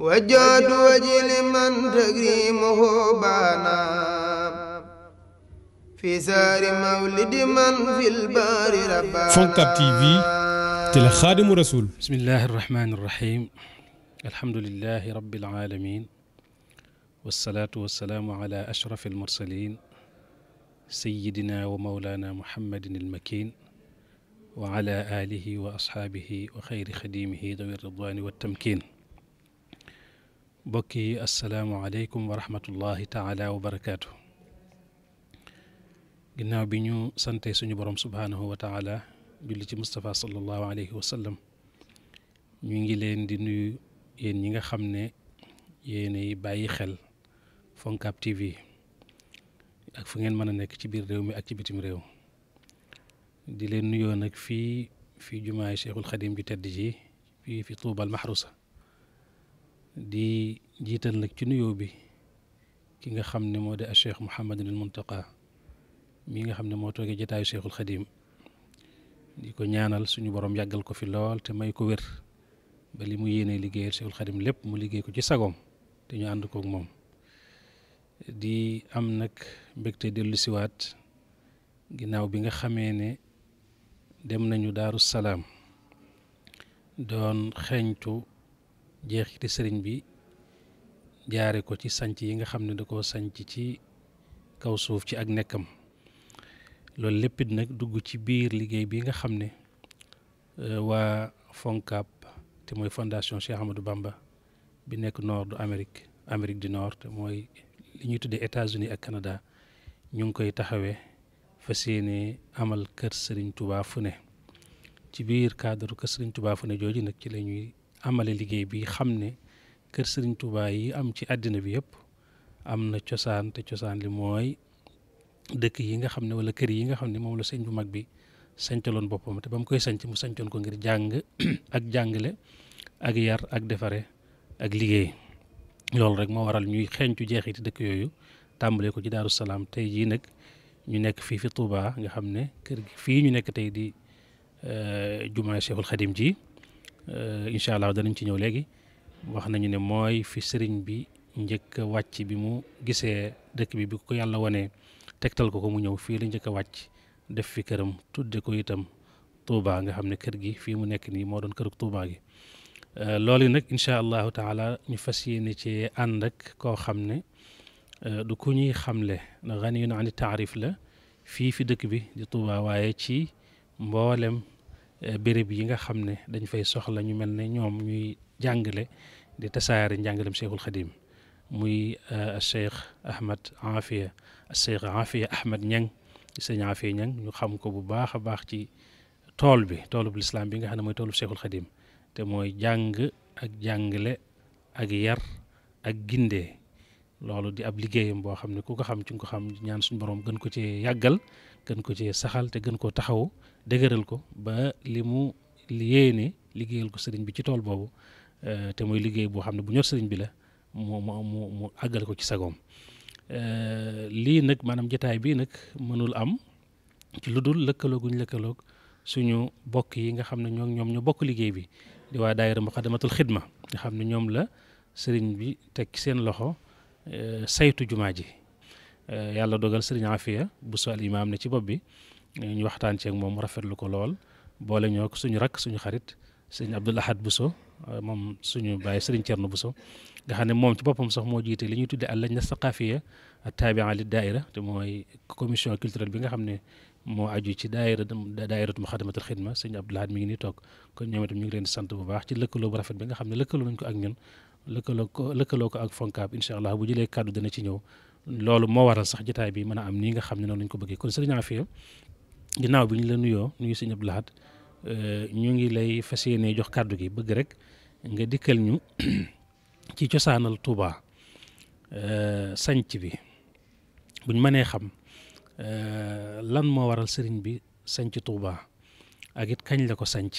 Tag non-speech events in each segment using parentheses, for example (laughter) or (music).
وجاد وجل من تكريمه بانا في سار مولد من في البار ربانا فانكب تي في تل خادم رسول بسم الله الرحمن الرحيم الحمد لله رب العالمين والصلاة والسلام على أشرف المرسلين سيدنا ومولانا محمد المكين وعلى آله وأصحابه وخير خديمه ذوي الرضوان والتمكين mbokk yi asalaamualeykum wa rahmatullahi taala wa barakaatu. ginnaaw bi ñu sante suñu borom subhaanahu wa taala julli ci Moustapha sallallahu alayhi wa sallam ñu ngi leen di nuyu yéen ñi nga xam ne yéenay bàyyi xel Foncab TV ak fu ngeen mën a nekk ci biir réew mi ak ci bitim réew di leen nuyoo nag fii fii jumaa Cheikhul Xadim ji fii fi Tuubal Maxrusa di jiital nag ci nuyoo bi ki nga xam ne moo di a cheikh Mouhamadul Muntaqa mi nga xam ne moo toogee jataayu cheikhul xadim di ko ñaanal suñu borom yàggal ko fi lool te may ko wér ba li mu yéene liggéeyal cheikhul xadim lépp mu liggéey ko ci sagoom te ñu ànd kook moom di am nag mbégte dellu siwaat ginnaaw bi nga xamee ne dem nañu daaru salaam doon xeeñtu jeexiti sëriñ bi jaare ko ci sanc yi nga xam ne da ko sañc ci kaw suuf ci ak nekkam loolu léppit nag dugg ci biir liggéey bi nga xam ne euh, waa FONCAB te mooy fondation Cheikh Ahmadou Bamba bi nekk nord du Amérique Amérique du Nord te mooy li ñuy tuddee États-Unis ak Canada ñu ngi koy taxawee fas yéene amal kër sëriñ Touba fu ne ci biir cadre kër Serigne Touba fu ne jooju nag ci la amale liggéey bi xam ne kër sëriñ Touba yi am ci àddina bi yëpp am na cosaan te cosaan li mooy dëkk yi nga xam ne wala kër yi nga xam ne moom la sëñ bu mag bi sañcaloon boppam te ba mu koy sañc mu sañcoon ko ngir jàng (clears throat) ak jàngale ak yar ak defare ak liggéey loolu rek moo waral ñuy xeeñcu jeexiti dëkk yooyu tàmbalee ko ci Daaru Salaam tey jii nag ñu nekk fii fi Touba nga xam ne kër gi fii ñu nekk tey di euh, jumaa Cheikhul Xadim ji Euh, incha allah danañ ci ñëw léegi wax nañu ne mooy fi sëriñ bi njëkk wàcc bi mu gisee dëkk bi bi ko yàlla wanee tegtal ko ko mu ñëw fii la njëkk wàcc def fi këram tudde ko itam Touba nga xam ne kër gi fii mu nekk nii moo doon kërug Touba gi euh, loolu nag incha allah taala ñu fas yéene ci ànd ak koo xam ne euh, du ku ñuy xamle xani yu na ani taarif la fii fi dëkk bi di Touba waaye ci mboolem Eh, béréb yi nga xam ne dañ fay soxla ñu mel ne ñoom ñuy jàngale di tasaare njàngalem Cheikhul xadim muy eh, Cheikh Ahmad Afia Cheikh Afia Ahmad Ñang sëñ Afia Ñang ñu xam ko bu baax a baax ci tool bi toolu toolub lislaam bi nga xam ne mooy toolub Cheikhul Khadim te mooy jàng ak jàngale ak yar ak gindee loolu di ab liggéeyam boo xam ne ku ko xam ci nga ko xam ñaan suñu boroom gën ko ci yàggal gën ko ci saxal te gën koo taxaw dëgëral ko ba li mu yéene liggéeyal ko sëriñ bi ci tool boobu euh, te mooy liggéey boo xam ne bu ñor sëriñ bi la mu mu mu mu ko ci sagoom euh, lii nag maanaam jataay bii nag mënul am ci lu dul lëkkaloo guñ lëkkaloog suñu bokk yi nga xam ne ñoo ñoom ñoo bokk liggéey bi di waa daayira muqaddamatul xidma nga xam ne ñoom la sëriñ bi teg seen loxo euh, saytu jumaa ji Eh, yàlla dogal sëriñ Afia bu so al imaam ne ci bopp bi eh, ñu waxtaan ceeg moom rafetlu ko lool boole ñoo ko suñu rakk suñu xarit sëriñ Abdul Ahad Bousso eh, moom suñu bàyyi sëriñ Thierno Bousso nga xam ne moom ci boppam sax moo jiite li ñuy tuddee allajna saqaafiya attaabi'a li daaira te mooy commission culturelle bi nga xam ne moo aju ci daaira daairatu Muxaddamatul Xidma sëriñ Abdul Ahad mi ngi nii toog kon ñoom itam ñu ngi leen di sant bu baax ci lëkkaloo bu rafet bi nga xam ne lëkkaloo nañ ko ak ñun lëkkaloo ko lëkkaloo ko ak FONCAB incha allah bu jëlee kàddu dana ci ñëw loolu moo waral sax jataay bi mën a am nii nga xam ne noonu lañ ko bëggee kon sëriñ Afia ginnaaw bi ñu la nuyoo nuyu sëñ Abdou Lahad euh, ñu ngi lay fas yéene jox kàddu gi bëgg rek nga dikkal ñu (clears throat) ci cosaanal Touba euh, sanc bi buñ mënee xam euh, lan moo waral sëriñ bi sanc tuubaa ak it kañ la ko sanc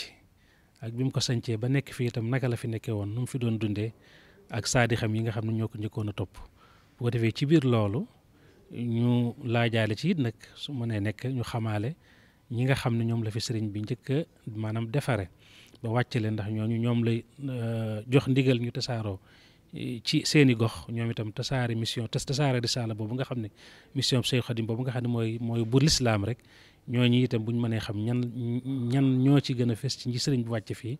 ak bi mu ko sancee ba nekk fii itam naka la fi nekkee woon nu mu fi doon dundee ak saadi xam yi nga xam ne ñoo ko njëkkoon a topp bu ko defee ci biir loolu ñu laajaale ci it nag su mënee nekk ñu xamaale ñi nga xam ne ñoom la fi sëriñ bi njëkk a maanaam defare ba wàcce leen ndax ñoo ñooñu ñoom lay euh, jox ndigal ñu tasaaroo euh, ci seeni gox ñoom itam tasaare mission tasaare risaala boobu nga xam ne mission Seex Xadim boobu nga xam ne mooy mooy bu lislaam rek ñooñu itam buñ mënee xam ñan ñan ñoo ci gën a fes ci ñi sëriñ bu wàcc fii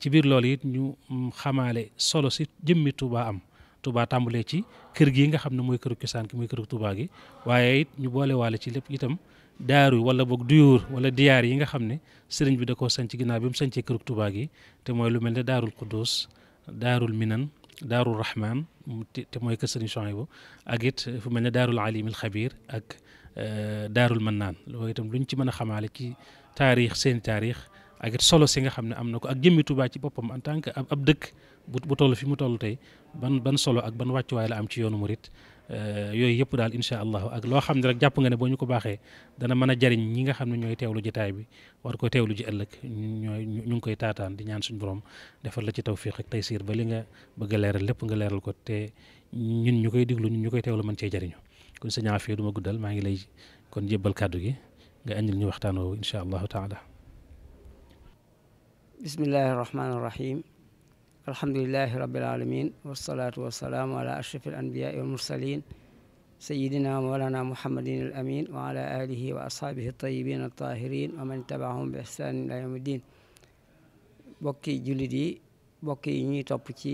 ci biir loolu it ñu mm, xamaale solo si jëmmi Tuubaa am Touba tàmbalee ci kër gi nga xam ne mooy këru cosaan ki mooy këru Touba gi waaye it ñu boole waale ci lépp itam daaru wala boog duyóor wala diyaar yi nga xam ne sëriñ bi da koo sanc ginnaaw bi mu sancee këru Touba gi te mooy lu mel ne daarul Quddus daarul Minan daaru Rahman te mooy kër sëriñ Chouaïbou ak it fu mel ne daaru Alimil Xabir ak eh, daarul Mannaan loolu itam luñ ci mën a xamaale ci taarix seen ak solo si nga xam ne am na ko ak jëmmi Touba ci boppam en tant que ab dëkk bu toll fi mu toll tey ban ban solo ak ban wàccuwaay la am ci yoonu murit euh, yooyu yëpp daal incha allahu ak loo xam ne rek jàpp nga ne boo ñu ko baaxee dana mën a jariñ ñi nga xam ne ñooy teewlu jotaay bi war ko teewlu ji ëllëg ñooy ñu ngi koy taataan di ñaan suñu borom defal la ci tawfiq ak taysiir ba li nga bëgg a lépp nga leeral ko te ñun ñu koy diglu ñun ñu koy teewlu mën cee jariñu kon sëñ Afia du ma guddal ngi lay kon jébbal kàddu gi nga indil ñu waxtaan woowu incha allahu taala bismillahi irrahmani irrahim alhamdulilahi rabbil alamin wassalatu wassalaamu ala ashrafil anbiyaai wal mursalin sayidina mawlana muhammadin al amin wa ala alihi wa ashaabihi tayibin altahirin wa man tabaahum bi ihsanin ila yawmi din bokki jullit yi bokki yi ñuy topp ci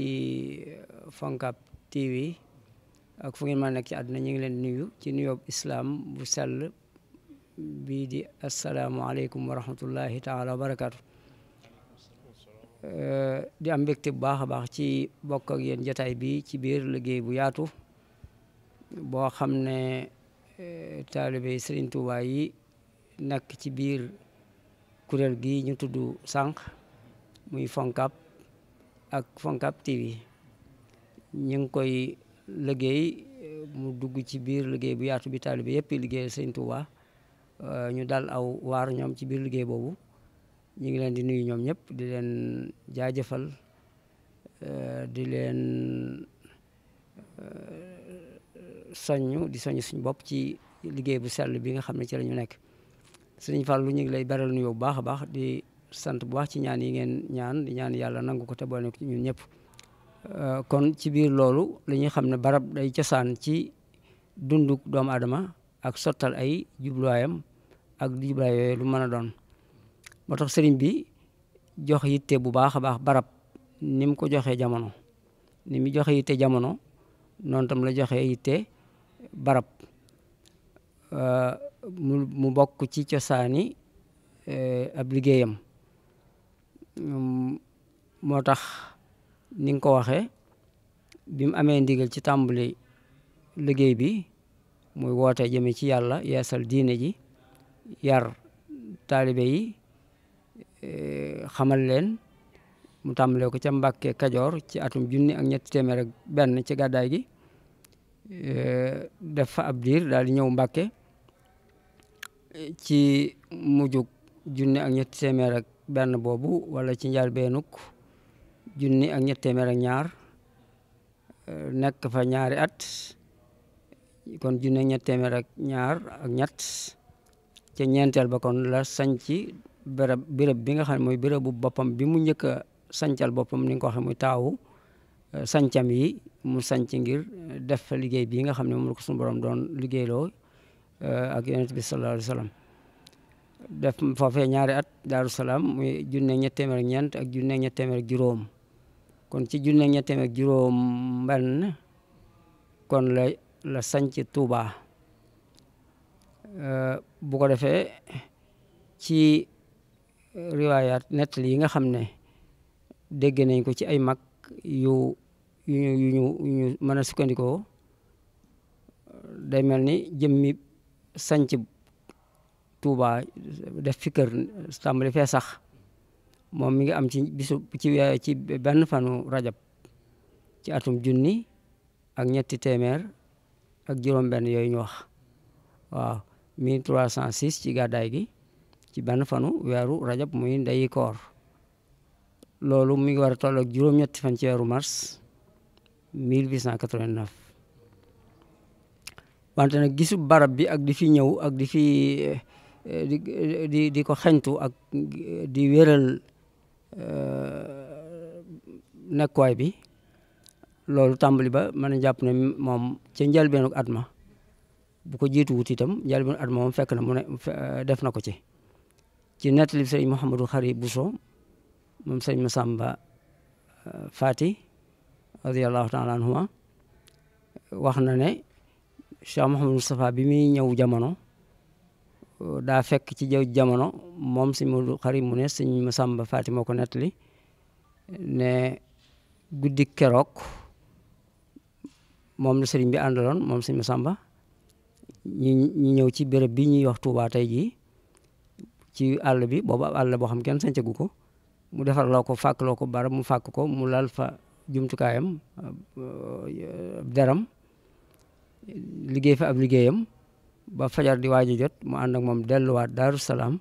uh, Foncab TV ak fu ngeen mën nekk ci àdduna ñu ngi leen nuyu ci nuyoob islaam bu sell bii di asalaamualeykum wa rahmatullahi taala wa barakatu Eh, di am mbégte bu baax a baax ci bokk ak yéen jotaay bi ci biir liggéey bu yaatu boo xam ne eh, taalibe Sëriñ Tuubaa yi nekk ci biir kuréel gi ñu tudd sànq muy Foncab ak Foncab TV ñu ngi koy liggéey eh, mu dugg ci biir liggéey bu yaatu bi taalibe yëpp liggéeyal Sëriñ Tuubaa ñu dal aw waar ci biir liggéey boobu ñu ngi leen di nuyu ñoom ñëpp di leen jaajëfal euh, di leen euh, soññ di soññ suñu bopp ci liggéey bu sell bi nga xam ne ci la ñu nekk sëriñ Fallou ñu ngi lay beral nuyoo bu baax a baax di sant bu baax ci ñaan yi ngeen ñaan di ñaan yàlla nangu ko te boole ko ñun ñëpp euh, kon ci biir loolu la ñuy xam ne barab day cosaan ci dunduk doomu aadama ak sottal ay jubluwaayam ak jubluwaay yooyu lu mën a doon moo tax sëriñ bi jox yitte bu baax a baax barab ni ko joxee jamono ni mu joxe yitte jamono noonu la joxe yitte barab euh, mu mu bokk ci cosaani euh, ab liggéeyam mmh, moo tax ni ko waxee bi mu amee ndigal ci tàmbali liggéey bi muy woote jëme ci yàlla yeesal diine ji yar taalibe yi Eh, xamal leen mu tàmbalee ko ca Mbàkke Kajoor ci atum junni ak ñetti téeméer benn ci gàddaay gi eh, def fa ab diir daal di ñëw Mbàkke eh, ci mujjug junni ak ñett téeméer benn boobu walla ci njaal beenuk junni ak ñetti téeméer ñaar nekk fa ñaari at kon junni ak ñetti téeméer ñaar ak ñett ca ñeenteel ba kon la sañci bërëb bërëb bi nga xam ne mooy bërëbu boppam bi mu njëkk a sancal boppam ni nga ko waxee muy taawu euh, sancam yi mu sanc ngir euh, def fa liggéey bii nga xam ne moom la ko suñu borom doon liggéeyloo euh, ak yonent bi sallallahu alayhi wa sallam def foofee ñaari at daaru salaam muy junne ñett téeméer ak ñeent ak junne ñett téeméer ak juróom kon ci junne ñett téeméer ak juróom benn kon la la sanc Tuuba bu ko defee ci riwaayaat nettali yi nga xam ne dégg nañ ko ci ay mag yu yu ñu yu ñu mën a sukkandikoo day mel ni jëmmi sanc Tuuba def fi kër fee sax moom mi ngi am ci bisu ci benn fanu rajab ci atum junni ak ñetti téeméer ak juróom-benn yooyu ñu wax waaw 1306 ci gàddaay gi ci benn fanu weeru rajab muy ndeyi koor loolu mi ngi war a toll ak juróom-ñetti fan ci weeru mars 1889 gisu barab bi ak di fi ñëw ak di fi eh, eh, di di ko xeñtu ak di wéral eh, nekkuwaay bi loolu tàmbali ba mana a jàpp ne moom ca njëlbeenu at bu ko jiitu wut itam njëlbeenu at ma fekk na mu ne def na ko ci ci nettali sëriñ Mouhamadou Khari Bousso moom sëriñ Massamba euh, Fati radiyallahu taala anhuma wax na ne Cheikh Mouhamadou Moustapha bi muy ñëw jamono euh, daa fekk ci jaww jamono moom sëriñ Mouhamadou mu ne sëriñ Massamba Fati nettali ne guddi keroog moom la sëriñ bi àndaloon moom si Massamba ñi ñi ñëw ci béréb bi ñuy wax Touba jii ci àll bi boobu ab boo xam kenn sancagu ko mu defar loo ko fàkk loo ko barab mu fàkk ko mu lal fa jumtukaayam deram liggéey fa ab liggéeyam ba fajar di waaj a jot mu ànd ak moom delluwaat daaru salaam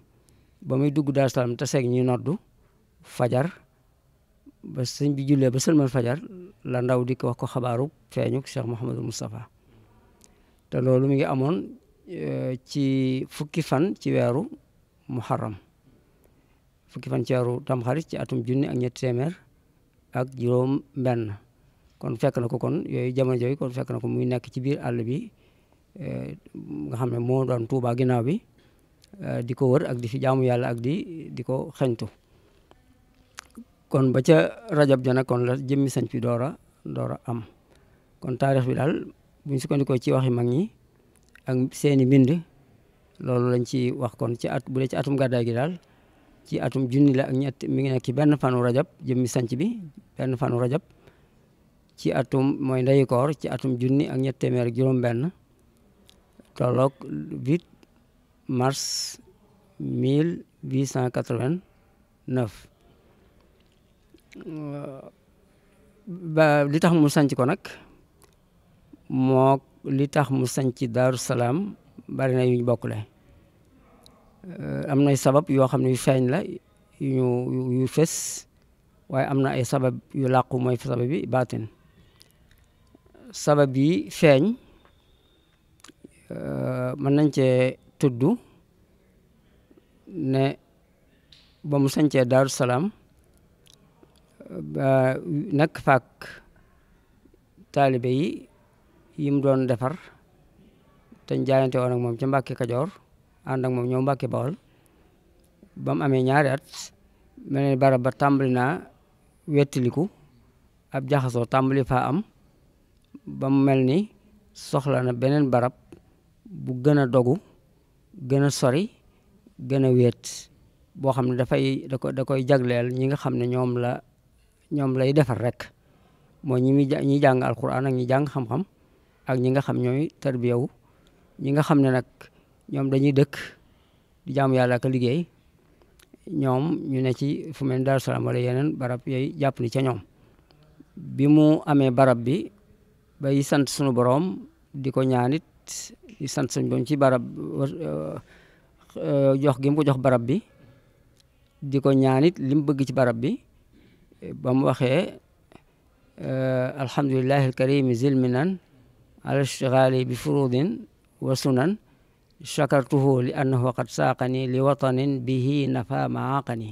ba muy dugg daaru salaam te seeg noddu fajar ba sëñ bi jullee ba sëlmal fajar la ndaw di ko wax ko xabaaru feeñu Cheikh Mouhamadul Moustapha te loolu mu ngi amoon eh, ci fukki fan ci weeru muharram fukki fan ceeru tamxarit ci atum junni ak ñetti téeméer ak juróom benn kon fekk na ko kon yooyu jamono jooyu kon fekk na ko muy nekk ci biir àll bi eh, nga xam ne moo doon Tuubaa ginnaaw bi eh, di ko wër ak di fi jaamu yàlla ak di di ko xeñtu kon ba ca rajab ja nag kon la jëmmi sañ fi door a door am kon taarix bi daal buñ sukkandikoo ci waxi mag ñi ak seeni mbind loolu lañ ci wax kon ci at bu ci atum gàddaay gi daal ci atum junni la ak ñett mi ngi nekk ci benn fanu rajab jëmmi sanc bi benn fanu rajab ci atum mooy ndeyu koor ci atum junni ak ñett téeméer ak juróom-benn tolloog 8 mars 1889 ba tax mu sanc ko nag moo li tax mu sanc Daaru Salaam bari na yuñ bokkule am nay sabab yoo xam ne yu feeñ la yu ñu yu fës waaye am na ay sabab yu làqu mooy sabab yi baatin sabab yi feeñ mën nañ cee tuddu ne ba mu sañcee Daaru Salaam ba nekk faak taalibe yi yim doon defar te ñu jaayante woon nag moom ci Mbàkke Kajoor ànd ak moom ñëw Mbàkke Bawol ba mu amee ñaari at mel ne barab ba tàmbali naa wettiliku ab jaxasoo tàmbali faa am ba mel ni soxla na beneen barab bu gën a dogu gën a sori gën a wéet boo xam ne dafay da ko da koy jagleel ñi nga xam ne ñoom la ñoom lay defar rek moo ñi muy ñi jàng alquran ak ñi jàng xam-xam ak ñi nga xam ñooy tarbiyawu ñi nga xam ne nag ñoom dañuy dëkk di jaamu yàlla ak liggéey ñoom ñu ne ci fu mel daal Daaru Salaam wala yeneen barab yooyu jàpp ni ca ñoom bi mu amee barab bi bay sant sunu boroom di ko ñaanit di sant sunu boroom ci barab euh, jox gi ko jox barab bi di ko ñaanit li mu bëgg ci barab bi ba mu waxee euh, alhamdulillahi alkarimi zilminan ala bi furudin wa sunan chakartuhu li annahu qad saaqani li watanin bihi nafa maaqani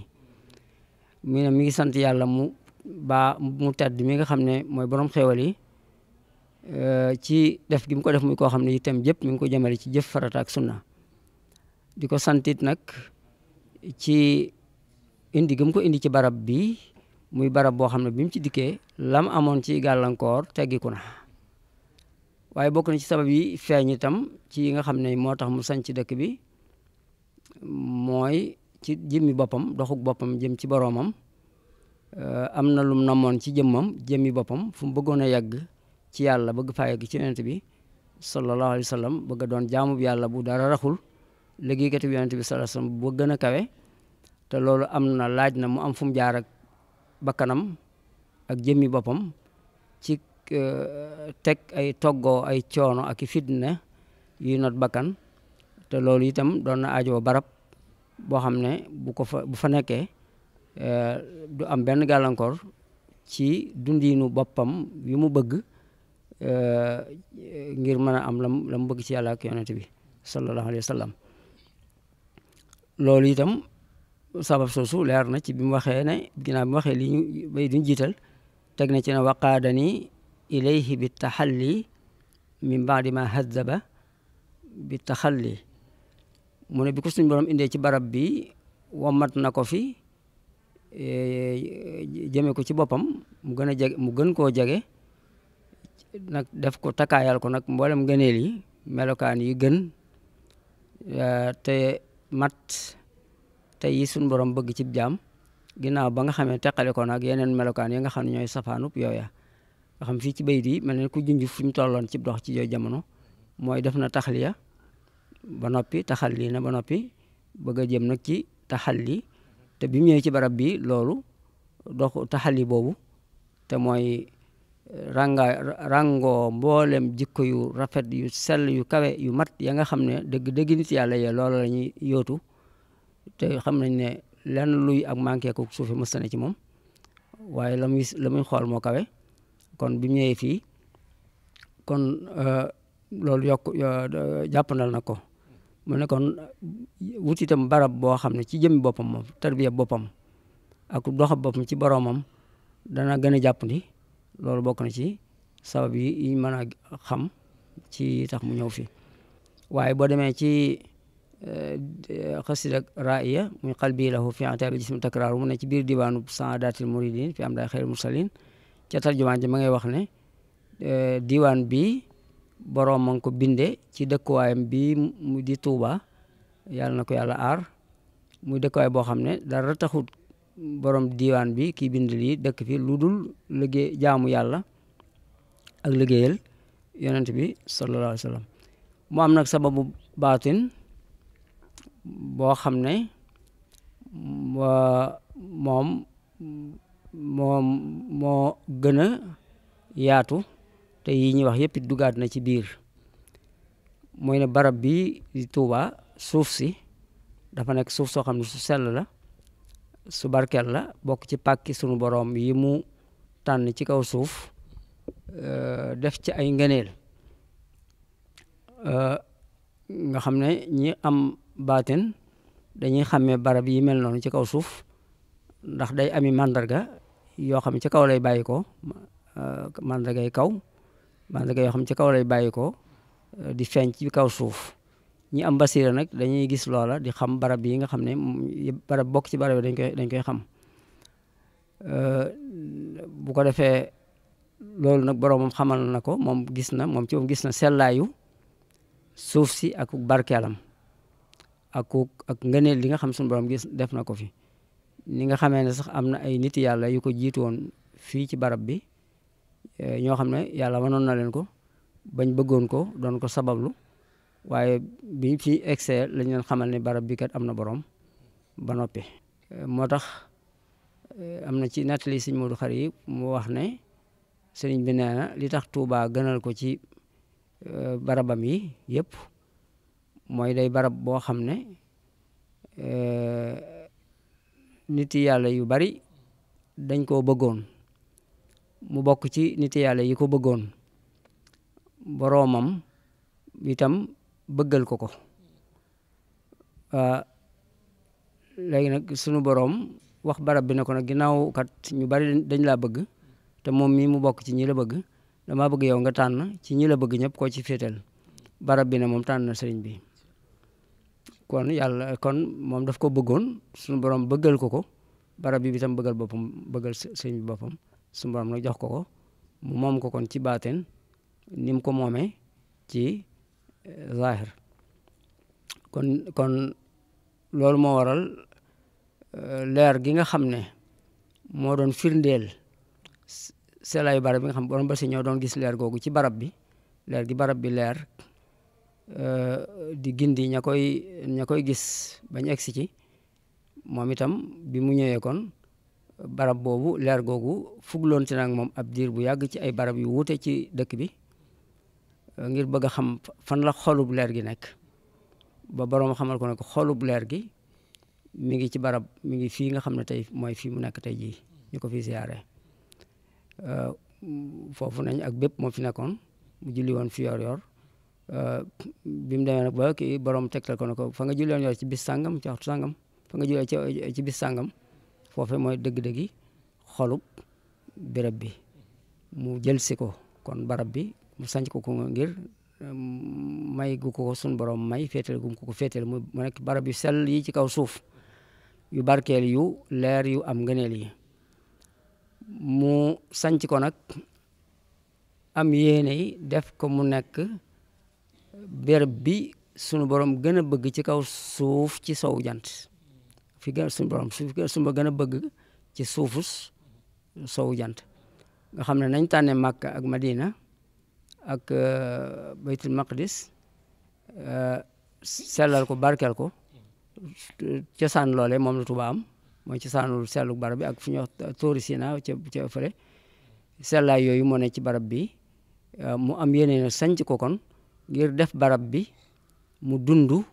mi ne mi ngi sant yàlla mu baa mu tedd mi nga xam ne mooy borom xéwal yi eh, ci def gim ko def muy koo xam ne itam jëpp mi ngi ko jëmale ci jëf farata ak sunna di ko santit nag ci indi gi mu ko indi ci barab bi muy barab boo xam ne bi ci dikkee lam amoon ci gàllankoor teggiku na waaye bokk na ci sabab yi feeñ itam ci yi nga xam ne moo tax mu sañ ci dëkk bi mooy ci jëmmi boppam doxuk boppam jëm ci boroomam am na lum namoon ci jëmmam jëmmi boppam fu mu bëggoon a yàgg ci yàlla bëgg faa yàgg ci yonent bi sallallahu alayhi wa sallam bëgg a doon jaamub yàlla bu dara raxul liggéeykatu bi yonent bi sallallahu alayhi wa sallam bu gën a kawe te loolu am na laaj na mu am fu mu jaar ak bakkanam ak jëmmi boppam Eh, teg ay toggoo ay coono aki i fitna yuy not bakkan te loolu itam doon na aajoo barab boo xam ne bu ko fa bu fa nekkee eh, du am benn gàllankoor ci dundiinu boppam yu mu bëgg eh, ngir mën a am lam la mu bëgg ci yàlla ak yonent bi sallallahu alayhi wa loolu itam sabab soosu leer na ci bi mu waxee ne ginnaaw bi mu teg na ci ne waqaadani ilayhi bi taxalli min baadi ma haddaba bi taxalli mu ne bi ko borom indee ci barab bi womat na ko fi eh, jëme ko ci boppam mu gën a jege mu gën koo jege nag def ko takkaayal ko nag mboolem ngëneel yi melokaan yi gën eh, te mat te yi suñ borom bëgg ci jaam ginnaaw ba nga xamee teqale ko nak yeneen melokaan yi nga xam ne ñooy safaanub yooya xam fii ci bayit di mel ne ku junj fi mu tolloon ci dox ci yooyu jamono mooy def na taxaliya ba noppi taxalli na ba noppi bëgg a jëm nag ci taxalli te bi mu ñëwee ci barab bi loolu dox taxalli boobu te mooy eh, ranga rango mboolem jikko yu rafet yu sell yu kawe yu mat ya nga xam ne dëgg dëgg nit yàlla yee loolu la ñuy yóotu te nañ ne lenn luy ak manqué ko suufi mës na ci moom waaye la muy la muy xool moo kawe kon bi mu ñëwee fii kon euh, loolu yokk jàppandal na ko mu ne kon wuti tam barab boo xam ne ci jëmmi boppam moom tarbiya boppam aku doxa boppam ci boroomam dana gën a jàppandi loolu bokk na ci sabab yi yiñ mën a xam ci tax mu ñëw fi waaye boo demee ci euh, xasida raaya muy xal bii lahu fi ataabi jismu mu ne ci biir diwaanu saadatil muridin fi am daa xeer mursalin ca tarjumaan ji ma ngay wax ne eh, diwaan bi boroom ma ngi ko binde ci dëkkuwaayam bi mu di Tuuba yàlla na ko yàlla aar muy dëkkuwaay boo xam ne dara taxut borom diwaan bi ki bind lii dëkk fi lu dul liggéey jaamu yàlla ak liggéeyal yonent bi sallallahu alayhi mu am nag sababu baatin boo xam ne moom moo moo gën a yaatu te yi ñuy wax yëpp it dugaat na ci biir mooy ne barab bi Tuuba suuf si dafa nekk suuf soo xam ne su sell la su barkeel la bokk ci pàkki sunu boroom yi mu tànn ci kaw suuf euh, def ci ay ngëneel euh, nga xam ne ñi am baatin dañuy xàmmee barab yi mel noonu ci kaw suuf ndax day ami màndarga yoo xam ne ci kaw lay bàyyi ko euh, mandargay kaw mandarga yoo xam ne ci kaw lay bàyyi ko euh, di feeñ ci kaw suuf ñi am basira nag dañuy gis loola di xam barab yi nga xam ne barab bokk ci barab dañ koy dañ koy xam euh, bu ko defee loolu nag boroomam xamal na ko moom gis na moom ci moom gis na sellaayu suuf si ak barkeelam ak ak ngëneel li nga xam suñu borom gis def na ko fi ni nga xamee ne sax am na ay nit yàlla yu ko jiitu woon fii ci barab bi eh, ñoo xam ne yàlla wanoon na leen ko bañ bëggoon ko doon ko sabablu waaye biñ fi excès lañ leen xamal ne barab bi kat am na borom ba noppi. Eh, moo tax eh, am na ci nettali sëñ Modou Khari yi mu wax ne sëriñ bi nee na li tax Touba gënal ko ci barabam yi yëpp mooy day barab boo xam ne. niti yàlla yu bari dañ koo bëggoon mu bokk ci niti yàlla yi ko bëggoon boroomam itam bëggal ko ko léegi nag sunu boroom wax barab bi ne ko nag ginnaaw kat ñu bari dañ laa bëgg te moom mii mu bokk ci ñi la bëgg dama bëgg yow nga tànn ci ñi la bëgg ñëpp ko ci féetal barab bi ne moom tànn na sëriñ bi kon yàlla kon moom daf ko bëggoon suñu borom bëggal ko ko barab bi itam bëggal boppam bëggal sëñ bi boppam suñu borom jox ko ko mu moom ko kon ci baateen ni mu ko moomee ci eh, zahir kon loolu moo waral eh, leer gi nga xam ne moo doon firndeel selaayu barab bi nga xam borom ba si ñoo doon gis leer googu ci barab bi leer gi barab bi leer Eh, di gindi ña koy ña koy gis bañ egsi ci moom itam bi mu ñëwee kon barab boobu leer googu fugloon ci nag moom ab diir bu yàgg ci ay barab yu wuute ci dëkk bi eh, ngir bëgg a xam fan la xolub leer gi nekk ba boroom xamal ko ne ko xolub leer gi mu ngi ci barab mi ngi fii nga xam ne tey mooy fii mu nekk tey jii ñu ko fii siyaare eh, foofu nañ ak bépp moo fi nekkoon mu julli woon fi yor bi mu demee nag ba kii borom tegtal ko ne ko fa nga jullee yor ci bis sàngam ci waxtu sàngam fa nga jullee ci bis sàngam foofe mooy dëgg-dëgg yi xolub bi mu jël si ko kon barab bi mu sanc ko ko ngir mm, may gu ko sun borom may féetal gum ko ko féetal mu nekk barab yu sell yi ci kaw suuf yu barkeel yu leer yu am ngëneel yi mu sanc ko nag am yéene def ko mu nekk béréb bi sunu borom gën a bëgg ci kaw suuf ci sow jant fi gën sunu borom suuf sunu gën a bëgg ci suufus sow jant nga xam ne nañ tànne Makka ak Madina ak euh, baytul maqdis euh, sellal ko barkel ko cosaan loole moom la Tuubaa am mooy cosaanul sellu barab bi ak fu ñuy wax tóori Sina fële sellaay yooyu moo ne ci barab bi euh, mu am yeneen sanc ko kon ngir def barab bi mu dundu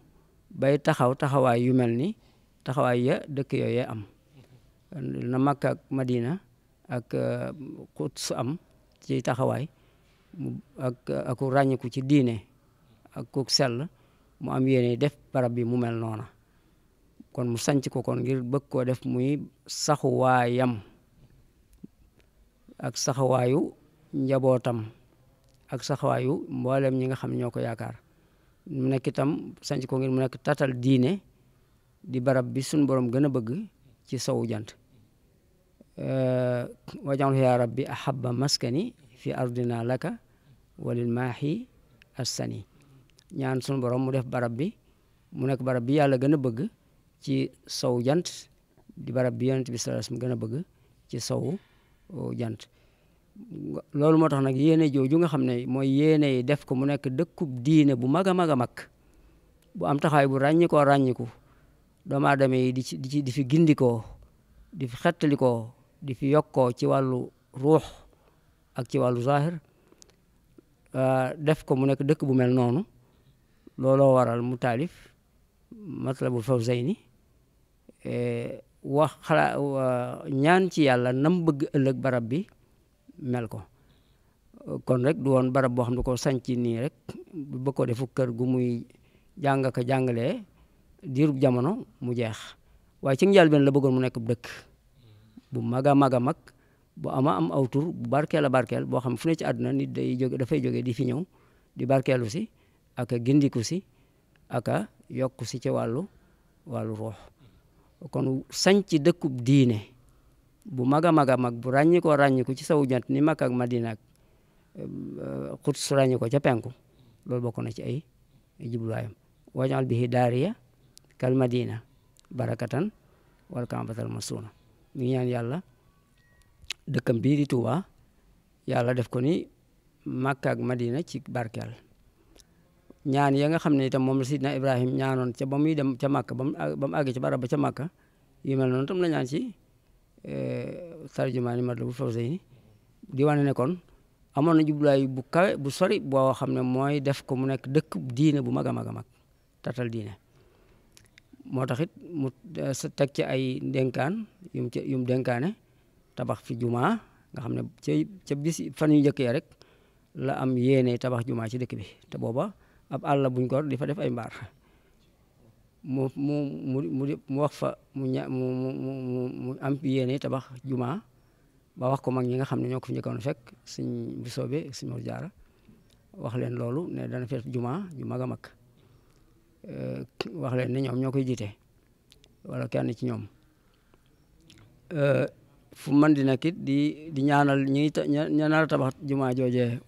bay taxaw taxawaay yu mel ni taxawaay ya dëkk yooyee am na Makka Madina ak uh, Quds am ci taxawaay ak uh, aku ràññiku ci diine ak ku sell mu am yéene def barab bi mu mel noona kon mu sanc ko kon ngir bëgg koo def muy saxuwaayam ak saxawaayu njabootam ak saxawaayu mboolem ñi nga xam ñoo ko yaakaar mu nekk itam sanc ko ngir mu nekk tatal diine di barab bi suñ borom gën a bëgg ci sowu jant wajaxlu yaa rabbi ahabba maskani fi ardina laka walil maahi assani ñaan suñu borom mu def barab bi mu nekk barab bi yàlla gën a bëgg ci sowu jant di barab bi yonent bi sallallahu alayhi gën a bëgg ci sowu jant loolu moo tax nag yéene jooju nga xam ne mooy yéene def ko mu nekk dëkku diine bu mag a mag a mag bu am taxawaay bu ràññikoo ràññiku doomu aadama yi di ci di ci di fi gindikoo di fi xettalikoo di fi yokkoo ci wàllu ruux ak ci wàllu zahir euh, def ko mu nekk dëkk bu mel noonu looloo waral mu taalif matlabul fawzayni eh, wax xala ñaan ci yàlla nam bëgg ëllëg barab bi mel ko kon rek du woon barab boo xam ne ko sanc nii rek ba ko defu kër gu muy jàng ak jàngalee diirub jamono mu jeex waaye ci njëlbéen la bëggoon mu nekk bu dëkk bu mag a mag a mag bu ama am aw tur bu barkeel a barkeel boo xam fu ne ci àdduna nit day jóge dafay jóge di fi ñëw di barkeelu si ak gindiku si ak yokku si ci wàllu wàllu ruux kon sanc dëkkub diine bu mag a mag a mag bu ràññi koo ci sawu jant ni Makka ak Madina ak euh, Quds ràññi ca penku loolu bokk na ci ay jubluwaayam wajal bihi daariya kal madina barakatan wal kambatal masuuna mi ngi ñaan yàlla dëkkam bii di Tuuba yàlla def ko ni Makka ak Madina ci barkel ñaan ya nga xam ne itam moom la Ibrahim ñaanoon ca ba muy dem ca Makka ba mu àgg ci barab ba ca Makka yu mel tam la ñaan ci Euh, tarjumaani Matlabul Fawzayni di wane ne kon amoon na jubluwaay bu kawe bu sori boo xam ne mooy def ko mu nekk dëkk diine bu mag a mag a mag tatal diine moo tax it mu euh, teg ci ay dénkaan yum ci yum dénkaane tabax fi jumaa nga xam ne ca ca bis fan yu njëkk ya rek la am yéene tabax jumaa ci dëkk bi te booba ab àll buñ ko di fa def ay mbaar mu mu mu mu wax fa mu ña mu mu mu am yéene tabax jumaa ba wax ko mag ñi nga xam ne ñoo ko fi njëkkoon fekk suñ bu soobee suñ Mor Jaara wax leen loolu ne dana fi juma ju mag a mag wax leen ne ñoom ñoo koy jiite walla kenn ci ñoom fu man di nekk it di di ñaanal ñi ñaanal tabax juma joojee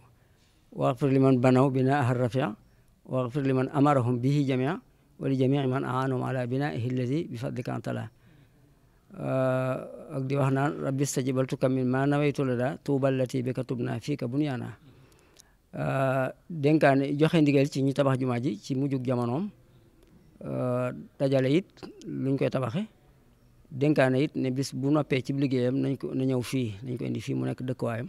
wax fir liman banaw bina ahar rafia wax fir liman amarahum bihi jamia wa li jamii man aanum ala binaihi alladi bi fadlika antala ak di wax naan rabbi stajibaltuka min ma nawaytu la daa tuuballati ka tub fii ka bunyaana dénkaane joxe ndigal ci ñu tabax jumaa ji ci mujjug jamonoom dajale it luñ koy tabaxe dénkaane it ne bis bu noppee ci liggéeyam nañ ko na ñëw fii nañ ko indi fii mu nekk dëkkuwaayam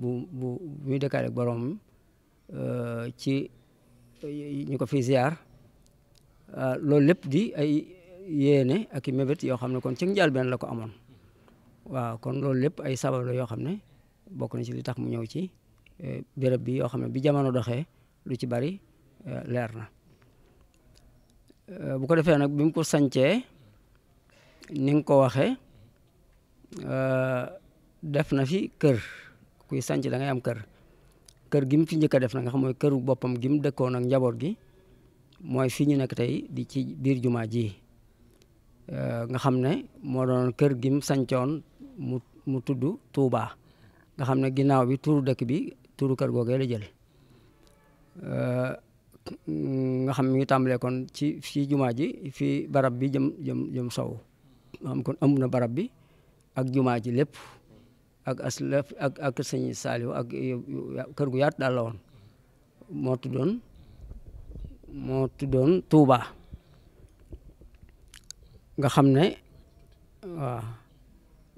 bu bu muy dëkkaale ak ci ñu ko fi ziar Euh, loolu lépp di ay yéene ak i mébét yoo xam ne kon ci njaal benn la ko amoon waaw kon loolu lépp ay sabab la yoo xam ne bokk na ci li tax mu ñëw ci euh, béréb bi yoo xam ne bi jamono doxee lu ci bari euh, leer na bu ko defee nag bi mu ko sancee ni ko waxee def na fi kër kuy sanc da ngay am kër kër gi mu fi njëkk def na nga xam mooy këru boppam gi mu dëkkoon ak njaboot gi mooy fii ñu nekk tey di ci biir jumaa ji euh, nga xam ne moo doon kër gim sancoon mu mu tudd Touba nga xam ne ginnaaw bi turu dëkk bi tuur kër goo la jël euh, nga xam mi ngi tàmbalee kon ci fii jumaa ji fii barab bi jëm jëm jëm sow kon amu na barab bi ak jumaa ji lépp ak aslaf ak ak sëñ ak kër gu yaat daal la woon moo tuddoon moo tuddoon tuuba nga xam ne waaw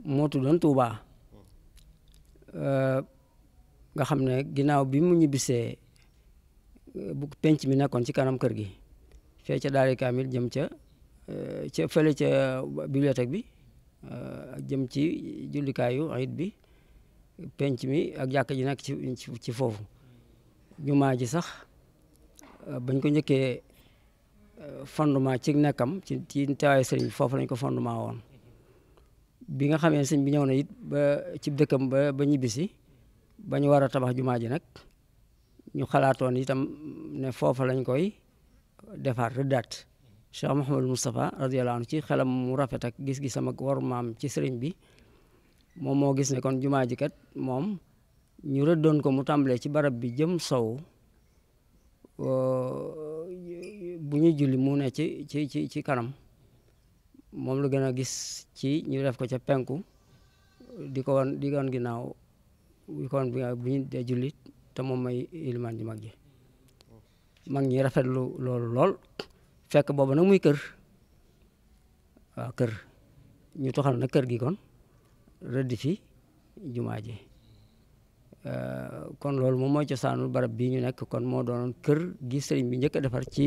moo tuddoon Touba euh, nga xam ne ginnaaw bi mu ñibbisee bu penc mi nekkoon ci kanam kër gi fee ca daari kaamil jëm ca euh, ca fële ca bibliothèque bi euh, jëm ci jullikaayu ayit bi penc mi ak jàkk ji nekk ci ci foofu jumaa ji sax Euh, bañ ko njëkkee euh, fondement ci nekkam ci ci teewaayu bi foofu lañ ko fondement woon bi nga xamee sëñ bi ñëw na it ba ci dëkkam ba ba ñibbisi bañ war a tabax jumaa ji nag ñu xalaatoon itam ne foofa lañ koy defar rëddaat Cheikh Mouhamadou Moustapha radiyallahu anhu ci xelam mu rafet ak gis-gisam ak war maam ci sëriñ bi moom moo gis ne kon jumaa ji kat moom ñu rëddoon ko mu tàmbalee ci barab bi jëm sow bu ñuy julli mu ne ci ci ci ci kanam moom la gën a gis ci ñu def ko ca penku di ko wan di wan ginnaaw di ko wan bi bu julli te moom may ilimaan ji mag ji mag ñi rafetlu loolu lool fekk boobu nag muy kër waaw kër ñu toxal na kër gi kon rëdd fi jumaa ji Eh, kon loolu moom mooy cosaanul barab bii ñu nekk kon moo doon kër gi sëriñ bi njëkk defar ci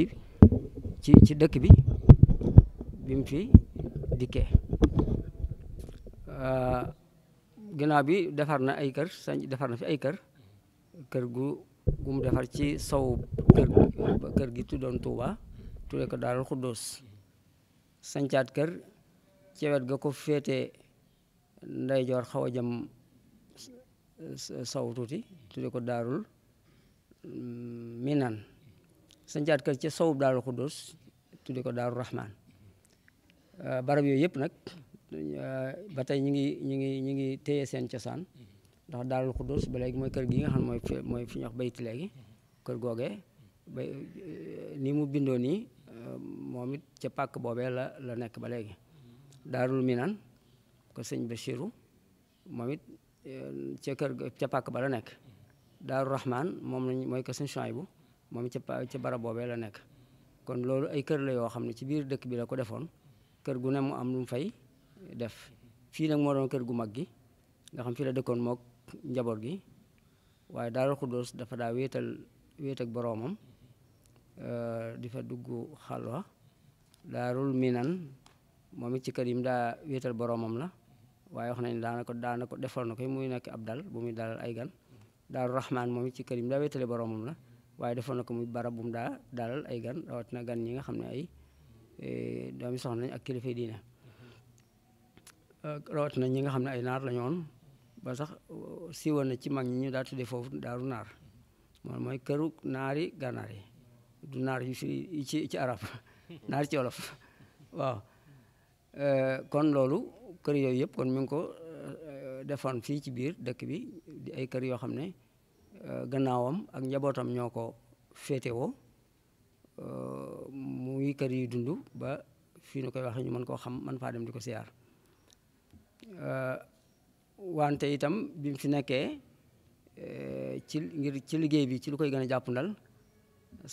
ci ci dëkk bi bi mu fi dikkee eh, ginaaw bi defar na ay kër sañ defar na fi ay kër kër gu gu defar ci sow kër kër gi tuddoon Touba tudde ko Daarul Xuddoos sañcaat kër ci ga ko féete ndeyjoor xaw a saw tuuti tudde ko daarul mm, minan sancaat kër ca sawub daarul xuddos tudde ko daarul rahman euh, barab yooyu yëpp nag euh, ba tey ñi ngi ñi ngi ñi ngi téye seen cosaan ndax daarul xuddos ba léegi mooy kër gi nga xam mooy mooy fi ñu wax bayti léegi kër googee ba euh, mu bindoo nii moom it ca pakk boobee la la nekk ba léegi daarul minan ko sëñ Bachiru moom ca kër ca pàkk ba la nekk daaru rahman moom lañ mooy ko suñu champs nekk kon loolu ay kër la yoo xam ne ci biir dëkk bi la ko defoon kër gu ne mu am lu mu fay def fii nag moo doon kër gu mag gi nga xam fii la dëkkoon mook njaboot gi waaye daaru xuddoos dafa daa wéetal wéet ak boroomam euh, di fa dugg xalwa daarul minan moom it ci kër yi mu daa wéetal boroomam la waaye wax nañ daana ko daana ko na muy nekk ab dal bu muy ay gan daaru raxmaan moom it ci kër yi mu daa wéetale boromam la waaye defoon na ko muy barab bu mu daa dalal ay gan rawatina gan ñi nga xam ne ay e, doomi soxna ak kilifa diine rawatina ñi nga xam ne ay naar la ñu woon ba na ci mag ñi ñu daa tuddee foofu daaru naar mooy këru naari gànnaar yi du naar yu fi ci arab (laughs) naar ci wolof (laughs) Euh, kon loolu kër yooyu yëpp kon mi ngi ko euh, defoon fii ci biir dëkk bi di ay kër yoo xam ne euh, gannaawam ak njabootam ñoo ko féetewoo muy kër yi dund ba fii nu koy waxee ñu mën koo xam man faa dem di ko siyaar wante itam bi fi nekkee ci ngir ci liggéey bi ci lu koy gën a jàppandal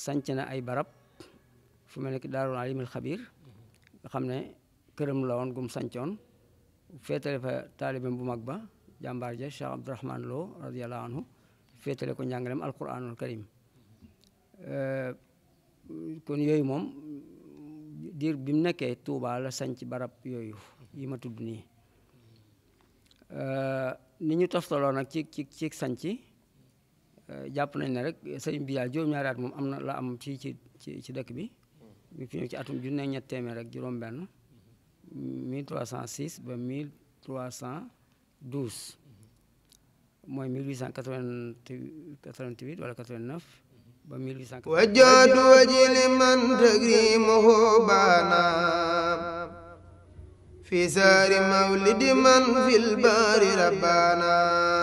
sanc na ay barab fu mel ne daarul alimil xam ne këram la gum sancoon féetale fa taalibeem bu mag ba jàmbaar ja Cheikh Abdourahman Lo radiyallahu anhu féetale ko njàngaleem alquranul karim kon yooyu moom diir bim mu nekkee Touba la sanc barab yooyu yi ma tudd ni ñu toftaloo nag ci ci ci sanc jàpp nañ ne rek sëriñ bi daal juróom-ñaari at moom am na la am ci ci ci dëkk bi ñu fi ñëw ci atum junne ñett rek juróom benn 1306 ba 1312 mooy wajili man tagrimuhu baana fi saari mawlidi man fil baari rabbaana